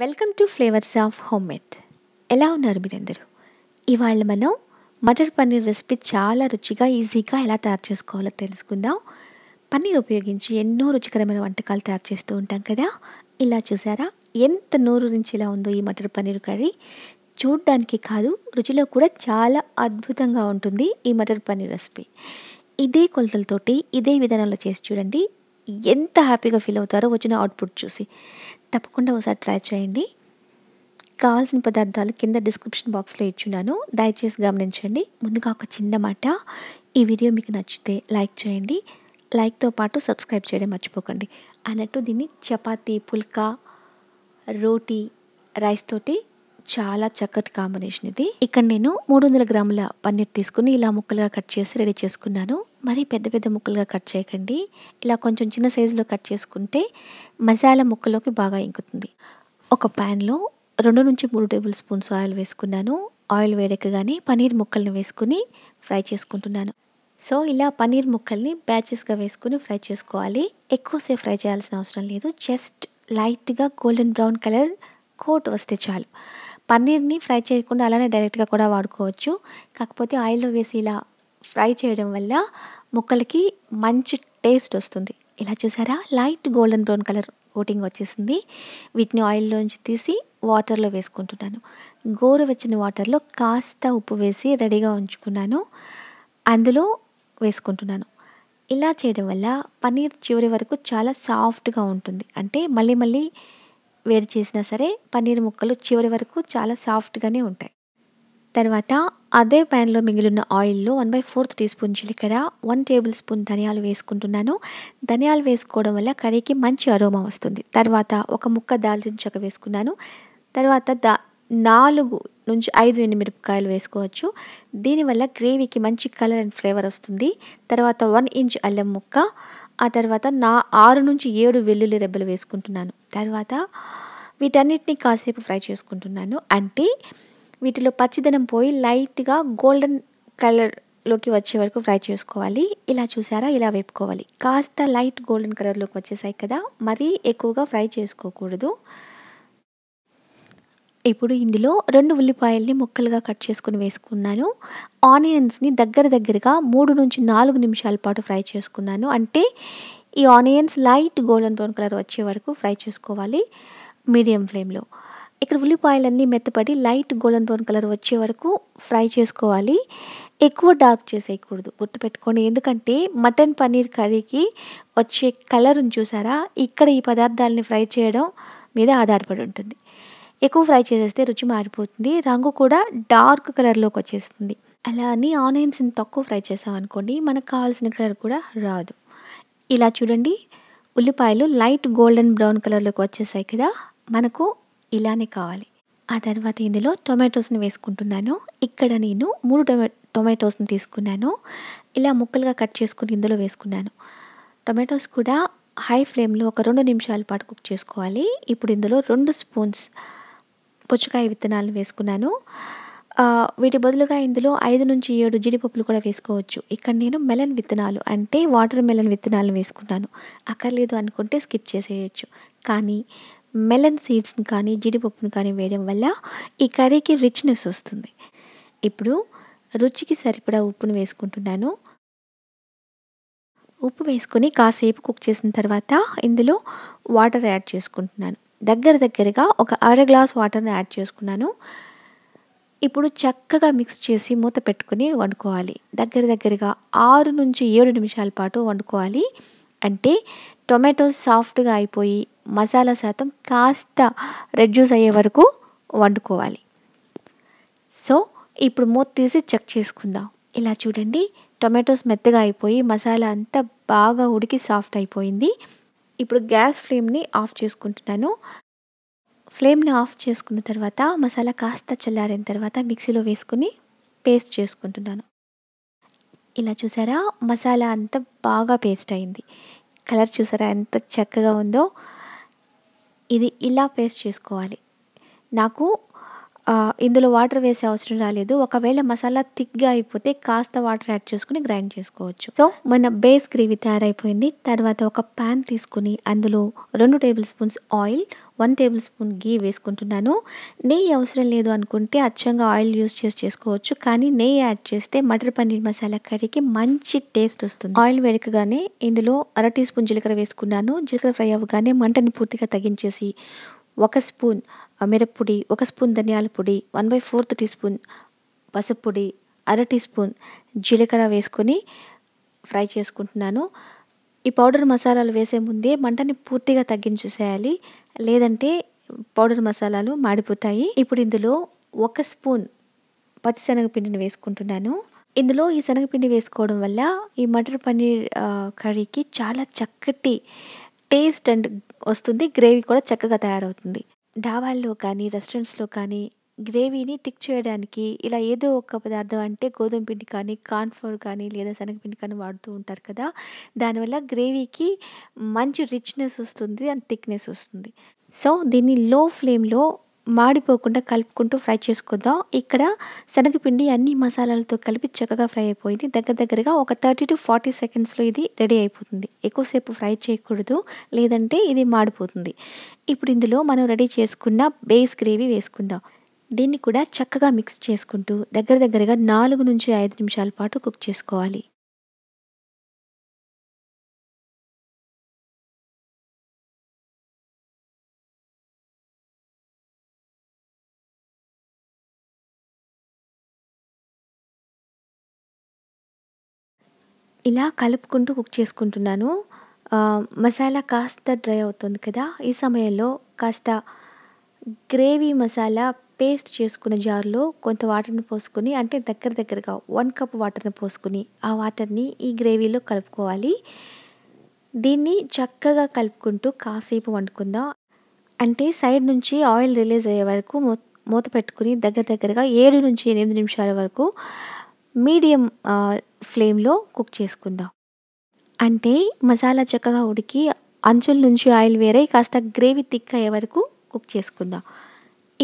welcome to flavours of homemade ఎలా ఉన్నారు మీరందరూ ఇవాళ మనం మటర్ పన్నీర్ రెసిపీ చాలా రుచిగా ఈజీగా ఎలా తయారు చేసుకోవాలో తెలుసుకుందాం పన్నీర్ ఉపయోగించి ఎన్నో రుచికరమైన వంటకాలు తయారు చేస్తూ ఉంటాం కదా ఇలా చూసారా ఎంత నోరు నుంచి ఇలా ఉందో ఈ మటర్ పన్నీర్ కర్రీ చూడ్డానికి కాదు రుచిలో కూడా చాలా అద్భుతంగా ఉంటుంది ఈ మటర్ పన్నీర్ రెసిపీ ఇదే కొలతలతోటి ఇదే విధానంలో చేసి చూడండి ఎంత హ్యాపీగా ఫీల్ అవుతారో వచ్చిన అవుట్పుట్ చూసి తప్పకుండా ఒకసారి ట్రై చేయండి కావాల్సిన పదార్థాలు కింద డిస్క్రిప్షన్ బాక్స్లో ఇచ్చున్నాను దయచేసి గమనించండి ముందుగా ఒక చిన్న మాట ఈ వీడియో మీకు నచ్చితే లైక్ చేయండి లైక్తో పాటు సబ్స్క్రైబ్ చేయడం మర్చిపోకండి అన్నట్టు దీన్ని చపాతీ పుల్కా రోటీ రైస్ తోటి చాలా చక్కటి కాంబినేషన్ ఇది ఇక్కడ నేను మూడు వందల గ్రాముల పన్నీర్ తీసుకుని ఇలా ముక్కలుగా కట్ చేసి రెడీ చేసుకున్నాను మరీ పెద్ద పెద్ద ముక్కలుగా కట్ చేయకండి ఇలా కొంచెం చిన్న సైజులో కట్ చేసుకుంటే మసాలా ముక్కలోకి బాగా ఇంకుతుంది ఒక ప్యాన్లో రెండు నుంచి మూడు టేబుల్ స్పూన్స్ ఆయిల్ వేసుకున్నాను ఆయిల్ వేడకగానే పనీర్ ముక్కల్ని వేసుకుని ఫ్రై చేసుకుంటున్నాను సో ఇలా పనీర్ ముక్కల్ని బ్యాచెస్గా వేసుకుని ఫ్రై చేసుకోవాలి ఎక్కువసేపు ఫ్రై చేయాల్సిన అవసరం లేదు జస్ట్ లైట్గా గోల్డెన్ బ్రౌన్ కలర్ కోట్ వస్తే చాలు పన్నీర్ని ఫ్రై చేయకుండా అలానే డైరెక్ట్గా కూడా వాడుకోవచ్చు కాకపోతే ఆయిల్లో వేసి ఇలా ఫ్రై చేయడం వల్ల ముక్కలకి మంచి టేస్ట్ వస్తుంది ఇలా చూసారా light golden brown colour coating వచ్చేసింది వీటిని ఆయిల్లోంచి తీసి వాటర్లో వేసుకుంటున్నాను గోరువెచ్చని వాటర్లో కాస్త ఉప్పు వేసి రెడీగా ఉంచుకున్నాను అందులో వేసుకుంటున్నాను ఇలా చేయడం వల్ల పన్నీర్ చివరి వరకు చాలా సాఫ్ట్గా ఉంటుంది అంటే మళ్ళీ మళ్ళీ వేడి చేసినా సరే పన్నీర్ ముక్కలు చివరి వరకు చాలా సాఫ్ట్గానే ఉంటాయి తర్వాత అదే ప్యాన్లో మిగిలిన ఆయిల్లో one by fourth teaspoon జీలకర్ర వన్ టేబుల్ స్పూన్ ధనియాలు వేసుకుంటున్నాను ధనియాలు వేసుకోవడం వల్ల కర్రీకి మంచి అరోమా వస్తుంది తర్వాత ఒక ముక్క దాల్చిన చెక్క వేసుకున్నాను తర్వాత దా నాలుగు నుంచి ఐదు ఎండుమిరపకాయలు వేసుకోవచ్చు దీనివల్ల గ్రేవీకి మంచి కలర్ అండ్ ఫ్లేవర్ వస్తుంది తర్వాత వన్ ఇంచ్ అల్లం ముక్క ఆ తర్వాత నా ఆరు నుంచి ఏడు వెల్లుల్లి రెబ్బలు వేసుకుంటున్నాను తర్వాత వీటన్నిటిని కాసేపు ఫ్రై చేసుకుంటున్నాను అంటే వీటిలో పచ్చిదనం పోయి లైట్గా గోల్డెన్ కలర్లోకి వచ్చే వరకు ఫ్రై చేసుకోవాలి ఇలా చూసారా ఇలా వేపుకోవాలి కాస్త లైట్ గోల్డెన్ కలర్లోకి వచ్చేసాయి కదా మరీ ఎక్కువగా ఫ్రై చేసుకోకూడదు ఇప్పుడు ఇందులో రెండు ఉల్లిపాయల్ని ముక్కలుగా కట్ చేసుకుని వేసుకున్నాను ఆనియన్స్ని దగ్గర దగ్గరగా మూడు నుంచి నాలుగు నిమిషాల పాటు ఫ్రై చేసుకున్నాను అంటే ఈ onions light golden brown colour వచ్చే వరకు ఫ్రై చేసుకోవాలి మీడియం ఫ్లేమ్లో ఇక్కడ ఉల్లిపాయలన్నీ మెత్తపడి లైట్ గోల్డెన్ బ్రౌన్ కలర్ వచ్చే వరకు ఫ్రై చేసుకోవాలి ఎక్కువ డార్క్ చేసేయకూడదు గుర్తుపెట్టుకోండి ఎందుకంటే మటన్ పన్నీర్ కర్రీకి వచ్చే కలర్ని చూసారా ఇక్కడ ఈ పదార్థాలని ఫ్రై చేయడం మీద ఆధారపడి ఉంటుంది ఎక్కువ ఫ్రై చేసేస్తే రుచి మారిపోతుంది రంగు కూడా డార్క్ కలర్లోకి వచ్చేస్తుంది అలా అని ఆనియన్స్ని తక్కువ ఫ్రై చేసామనుకోండి మనకు కావాల్సిన కలర్ కూడా రాదు ఇలా చూడండి ఉల్లిపాయలు లైట్ గోల్డెన్ బ్రౌన్ కలర్లోకి వచ్చేసాయి కదా మనకు ఇలానే కావాలి ఆ తర్వాత ఇందులో టొమాటోస్ని వేసుకుంటున్నాను ఇక్కడ నేను మూడు టొమా టొమాటోస్ని తీసుకున్నాను ఇలా ముక్కలుగా కట్ చేసుకుని ఇందులో వేసుకున్నాను టొమాటోస్ కూడా హై ఫ్లేమ్లో ఒక రెండు నిమిషాల పాటు కుక్ చేసుకోవాలి ఇప్పుడు ఇందులో రెండు స్పూన్స్ పుచ్చకాయ విత్తనాలు వేసుకున్నాను వీటి బదులుగా ఇందులో ఐదు నుంచి ఏడు జీడిపప్పులు కూడా వేసుకోవచ్చు ఇక్కడ నేను మెలన్ విత్తనాలు అంటే వాటర్ మెలన్ విత్తనాలు వేసుకున్నాను అక్కర్లేదు అనుకుంటే స్కిప్ చేసేయచ్చు కానీ మెలన్ సీడ్స్ని కానీ జీడిపప్పును కానీ వేయడం వల్ల ఈ కర్రీకి రిచ్నెస్ వస్తుంది ఇప్పుడు రుచికి సరిపడా ఉప్పును వేసుకుంటున్నాను ఉప్పు వేసుకొని కాసేపు కుక్ చేసిన తర్వాత ఇందులో వాటర్ యాడ్ చేసుకుంటున్నాను దగ్గర దగ్గరగా ఒక అర గ్లాస్ వాటర్ని యాడ్ చేసుకున్నాను ఇప్పుడు చక్కగా మిక్స్ చేసి మూత పెట్టుకుని వండుకోవాలి దగ్గర దగ్గరగా ఆరు నుంచి ఏడు నిమిషాల పాటు వండుకోవాలి అంటే టొమాటోస్ సాఫ్ట్గా అయిపోయి మసాలా శాతం కాస్త రెడ్యూస్ అయ్యే వరకు వండుకోవాలి సో ఇప్పుడు మూత తీసి చెక్ చేసుకుందాం ఇలా చూడండి టొమాటోస్ మెత్తగా అయిపోయి మసాలా అంతా బాగా ఉడికి సాఫ్ట్ అయిపోయింది ఇప్పుడు గ్యాస్ ఫ్లేమ్ని ఆఫ్ చేసుకుంటున్నాను ఫ్లేమ్ని ఆఫ్ చేసుకున్న తర్వాత మసాలా కాస్త చల్లారిన తర్వాత మిక్సీలో వేసుకుని పేస్ట్ చేసుకుంటున్నాను ఇలా చూసారా మసాలా అంతా బాగా పేస్ట్ అయింది కలర్ చూసారా ఎంత చక్కగా ఉందో ఇది ఇలా పేస్ట్ చేసుకోవాలి నాకు ఇందులో వాటర్ వేసే అవసరం రాలేదు ఒకవేళ మసాలా థిక్గా అయిపోతే కాస్త వాటర్ యాడ్ చేసుకుని గ్రైండ్ చేసుకోవచ్చు సో మన బేస్ గ్రేవీ తయారైపోయింది తర్వాత ఒక ప్యాన్ తీసుకుని అందులో రెండు tablespoons oil one tablespoon ghee వేసుకుంటున్నాను నెయ్యి అవసరం లేదు అనుకుంటే అచ్చంగా ఆయిల్ యూస్ చేసి చేసుకోవచ్చు కానీ నెయ్యి యాడ్ చేస్తే మటర్ పన్నీర్ మసాలా కర్రీకి మంచి టేస్ట్ వస్తుంది ఆయిల్ వేడకగానే ఇందులో అర టీ స్పూన్ జీలకర్ర వేసుకున్నాను జీలకర్ర ఫ్రై అవ్వగానే మంటని పూర్తిగా తగ్గించేసి ఒక స్పూన్ మిరప్పొడి ఒక స్పూన్ ధనియాల పొడి one by fourth teaspoon పసుపు పొడి అర టీ స్పూన్ జీలకర్ర వేసుకొని ఫ్రై చేసుకుంటున్నాను ఈ పౌడర్ మసాలాలు వేసే ముందే మంటని పూర్తిగా తగ్గించేసేయాలి లేదంటే పౌడర్ మసాలాలు మాడిపోతాయి ఇప్పుడు ఇందులో ఒక స్పూన్ పచ్చిశనగపిండిని వేసుకుంటున్నాను ఇందులో ఈ శనగపిండి వేసుకోవడం వల్ల ఈ మటర్ పన్నీర్ కర్రీకి చాలా చక్కటి టేస్ట్ అండ్ వస్తుంది గ్రేవీ కూడా చక్కగా తయారవుతుంది డాబాల్లో కానీ రెస్టారెంట్స్లో కానీ గ్రేవీని థిక్ చేయడానికి ఇలా ఏదో ఒక పదార్థం అంటే గోధుమ పిండి కానీ ఫ్లోర్ కానీ లేదా శనగపిండి కానీ వాడుతూ ఉంటారు కదా దానివల్ల గ్రేవీకి మంచి రిచ్నెస్ వస్తుంది అండ్ థిక్నెస్ వస్తుంది సో దీన్ని లో ఫ్లేమ్లో మాడిపోకుండా కలుపుకుంటూ ఫ్రై చేసుకుందాం ఇక్కడ శనగపిండి అన్ని మసాలాలతో కలిపి చక్కగా ఫ్రై అయిపోయింది దగ్గర దగ్గరగా ఒక థర్టీ టు ఫార్టీ సెకండ్స్లో ఇది రెడీ అయిపోతుంది ఎక్కువసేపు ఫ్రై చేయకూడదు లేదంటే ఇది మాడిపోతుంది ఇప్పుడు ఇందులో మనం రెడీ చేసుకున్న బేస్ గ్రేవీ వేసుకుందాం దీన్ని కూడా చక్కగా మిక్స్ చేసుకుంటూ దగ్గర దగ్గరగా నాలుగు నుంచి ఐదు నిమిషాల పాటు కుక్ చేసుకోవాలి ఇలా కలుపుకుంటూ కుక్ చేసుకుంటున్నాను మసాలా కాస్త డ్రై అవుతుంది కదా ఈ సమయంలో కాస్త గ్రేవీ మసాలా పేస్ట్ చేసుకున్న జార్లో కొంత వాటర్ని పోసుకొని అంటే దగ్గర దగ్గరగా వన్ కప్ వాటర్ని పోసుకొని ఆ వాటర్ని ఈ గ్రేవీలో కలుపుకోవాలి దీన్ని చక్కగా కలుపుకుంటూ కాసేపు వండుకుందాం అంటే సైడ్ నుంచి ఆయిల్ రిలీజ్ అయ్యే వరకు మూత పెట్టుకుని దగ్గర దగ్గరగా ఏడు నుంచి ఎనిమిది నిమిషాల వరకు మీడియం ఫ్లేమ్లో కుక్ చేసుకుందాం అంటే మసాలా చక్కగా ఉడికి అంచుల నుంచి ఆయిల్ వేరే కాస్త గ్రేవీ థిక్ అయ్యే వరకు కుక్ చేసుకుందాం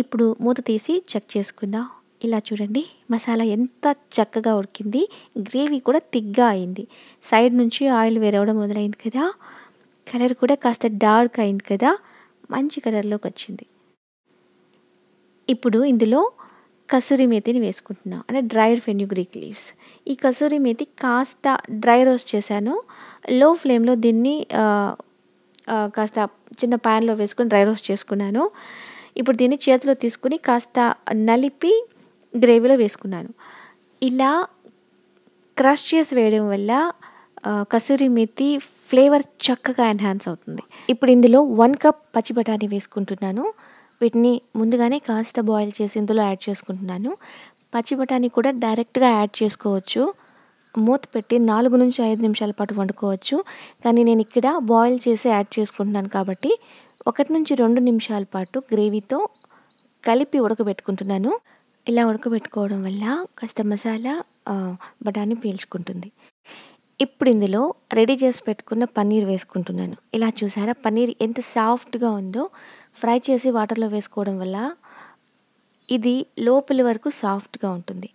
ఇప్పుడు మూత తీసి చెక్ చేసుకుందాం ఇలా చూడండి మసాలా ఎంత చక్కగా ఉడికింది గ్రేవీ కూడా తిగ్గా అయింది సైడ్ నుంచి ఆయిల్ వేరవడం మొదలైంది కదా కలర్ కూడా కాస్త డార్క్ అయింది కదా మంచి కలర్లోకి వచ్చింది ఇప్పుడు ఇందులో కసూరి మేతిని వేసుకుంటున్నాం అంటే డ్రైడ్ గ్రీక్ లీవ్స్ ఈ కసూరి మేతి కాస్త డ్రై రోస్ట్ చేశాను లో ఫ్లేమ్లో దీన్ని కాస్త చిన్న ప్యాన్లో వేసుకొని డ్రై రోస్ట్ చేసుకున్నాను ఇప్పుడు దీన్ని చేతిలో తీసుకుని కాస్త నలిపి గ్రేవీలో వేసుకున్నాను ఇలా క్రష్ చేసి వేయడం వల్ల కసూరి మెతి ఫ్లేవర్ చక్కగా ఎన్హాన్స్ అవుతుంది ఇప్పుడు ఇందులో వన్ కప్ పచ్చి బఠానీ వేసుకుంటున్నాను వీటిని ముందుగానే కాస్త బాయిల్ చేసి ఇందులో యాడ్ చేసుకుంటున్నాను పచ్చి బఠానీ కూడా డైరెక్ట్గా యాడ్ చేసుకోవచ్చు మూత పెట్టి నాలుగు నుంచి ఐదు నిమిషాల పాటు వండుకోవచ్చు కానీ నేను ఇక్కడ బాయిల్ చేసి యాడ్ చేసుకుంటున్నాను కాబట్టి ఒకటి నుంచి రెండు నిమిషాల పాటు గ్రేవీతో కలిపి ఉడకబెట్టుకుంటున్నాను ఇలా ఉడకబెట్టుకోవడం వల్ల కాస్త మసాలా బఠానీ పీల్చుకుంటుంది ఇప్పుడు ఇందులో రెడీ చేసి పెట్టుకున్న పన్నీర్ వేసుకుంటున్నాను ఇలా చూసారా పన్నీర్ ఎంత సాఫ్ట్గా ఉందో ఫ్రై చేసి వాటర్లో వేసుకోవడం వల్ల ఇది లోపల వరకు సాఫ్ట్గా ఉంటుంది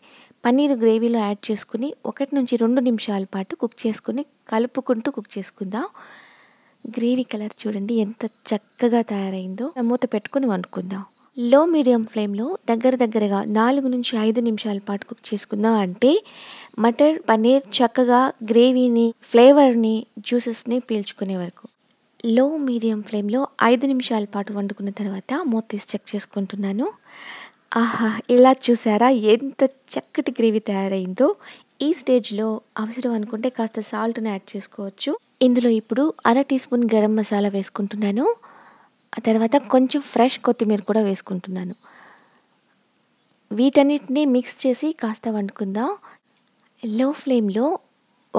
పన్నీర్ గ్రేవీలో యాడ్ చేసుకుని ఒకటి నుంచి రెండు నిమిషాల పాటు కుక్ చేసుకుని కలుపుకుంటూ కుక్ చేసుకుందాం గ్రేవీ కలర్ చూడండి ఎంత చక్కగా తయారైందో మూత పెట్టుకుని వండుకుందాం లో మీడియం ఫ్లేమ్లో దగ్గర దగ్గరగా నాలుగు నుంచి ఐదు నిమిషాల పాటు కుక్ చేసుకుందాం అంటే మటర్ పన్నీర్ చక్కగా గ్రేవీని ఫ్లేవర్ని జ్యూసెస్ని పీల్చుకునే వరకు లో మీడియం ఫ్లేమ్లో ఐదు నిమిషాల పాటు వండుకున్న తర్వాత మూత తీసి చెక్ చేసుకుంటున్నాను ఆహా ఇలా చూసారా ఎంత చక్కటి గ్రేవీ తయారైందో ఈ స్టేజ్లో అవసరం అనుకుంటే కాస్త సాల్ట్ని యాడ్ చేసుకోవచ్చు ఇందులో ఇప్పుడు అర టీ స్పూన్ గరం మసాలా వేసుకుంటున్నాను ఆ తర్వాత కొంచెం ఫ్రెష్ కొత్తిమీర కూడా వేసుకుంటున్నాను వీటన్నిటిని మిక్స్ చేసి కాస్త వండుకుందాం లో ఫ్లేమ్లో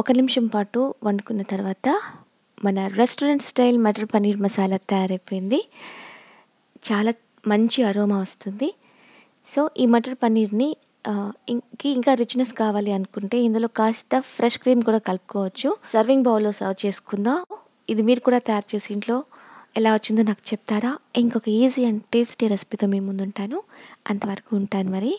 ఒక నిమిషం పాటు వండుకున్న తర్వాత మన రెస్టారెంట్ స్టైల్ మటర్ పన్నీర్ మసాలా తయారైపోయింది చాలా మంచి అరోమా వస్తుంది సో ఈ మటర్ పన్నీర్ని ఇంకా రిచ్నెస్ కావాలి అనుకుంటే ఇందులో కాస్త ఫ్రెష్ క్రీమ్ కూడా కలుపుకోవచ్చు సర్వింగ్ బౌల్లో సర్వ్ చేసుకుందాం ఇది మీరు కూడా తయారు చేసి ఇంట్లో ఎలా వచ్చిందో నాకు చెప్తారా ఇంకొక ఈజీ అండ్ టేస్టీ రెసిపీతో మీ ముందుంటాను అంతవరకు ఉంటాను మరి